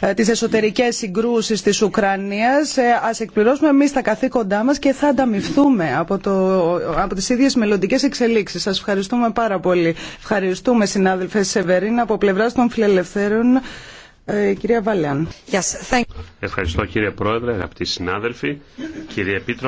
Ε, τις εσωτερικές συγκρούσεις της Ουκρανίας. Ε, α εκπληρώσουμε εμεί τα καθήκοντά μα και θα ανταμυφθούμε από, το, από τις ίδιες μελλοντικές εξελίξεις. Σας ευχαριστούμε πάρα πολύ. Ευχαριστούμε συνάδελφε Σεβερίν από πλευρά των φιλελευθέρων. Ε, κυρία Βαλέαν. Yes, Ευχαριστώ κύριε Πρόεδρε, αγαπητοί συνάδελφοι, κύριε Επίτροπε.